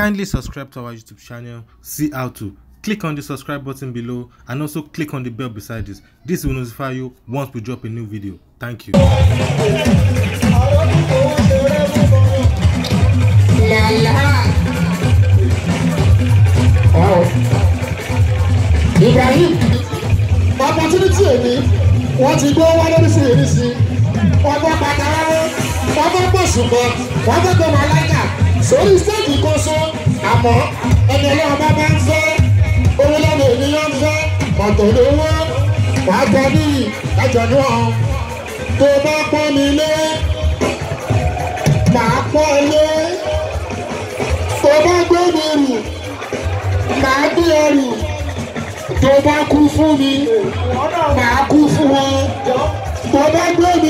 Kindly subscribe to our YouTube channel, see how to. Click on the subscribe button below and also click on the bell beside this. This will notify you once we drop a new video. Thank you. Ibrahim, opportunity èmi, wọ́n ti gbé wá lóríṣiríṣi, ọgbọ́n pàtàkì, ọgbọ́n pọ̀ṣùpọ̀, ọgbọ́n tó máa lájà àmọ́ ẹni ọlọ́run bá bá ń fẹ́ owó lọ́nà ènìyàn ń fẹ́ ọ̀tọ̀ lówó wàá jọ ní ìdájọ́ ní ọ̀hún tó bá pọ́n mi lé màá pọ́n ẹ lé tó bá gbé mi rù màá bí ẹ rù tó bá kú fún mi màá kú fún wọn tó bá gbé mi.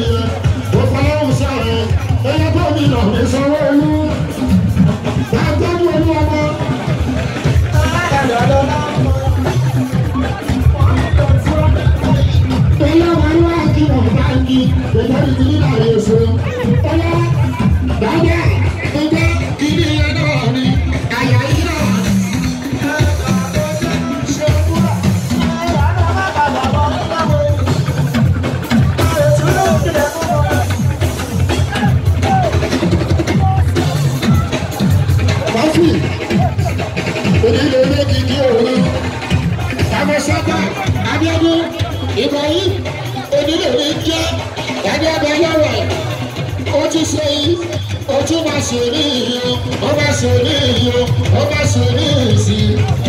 yẹ ó fọlọ́run sọ̀rọ̀ ẹyẹ gómìnà mi sanwó olú dájọ́jú olú ọmọ. Ìyá wa ń wá kí wọ́n bá ń di ìjọba ìdílé náà rẹ̀. onílé olókìkí òru àmọ́sọ́tà Abíọ́dún Ibrahim onílé mi jẹ́ ẹgbẹ́ ọba lọ́wọ́ ó ti ṣe yìí ó tún máa ṣe ní ìyó ó máa ṣe ní ìyó ó máa ṣe ní ìsìn.